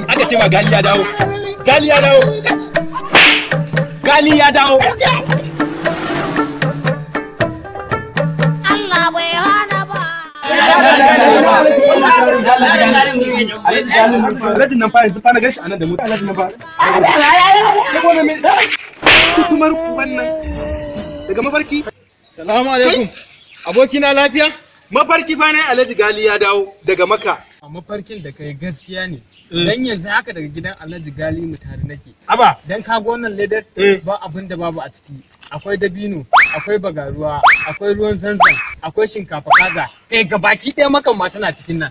aka ce ma gali ya dawo gali ya dawo gali ya dawo Alhaji nan fa yanzu da mutu nan wannan daga mafarki. Salamu alaikum. Abokina lafiya? Mafarki fa ne Alhaji Gali ya dawo daga maka. a mafarkin da kai gaskiya ne eh. dan yanzu haka daga gidan alhaji gali mutare nake aba dan ka ga wannan ledar eh. ba abin da babu a ciki akwai dabino akwai bagaruwa akwai ruwan zanzan akwai shinkafa kaza kai eh, gabaki ɗaya makan ma tana cikin nan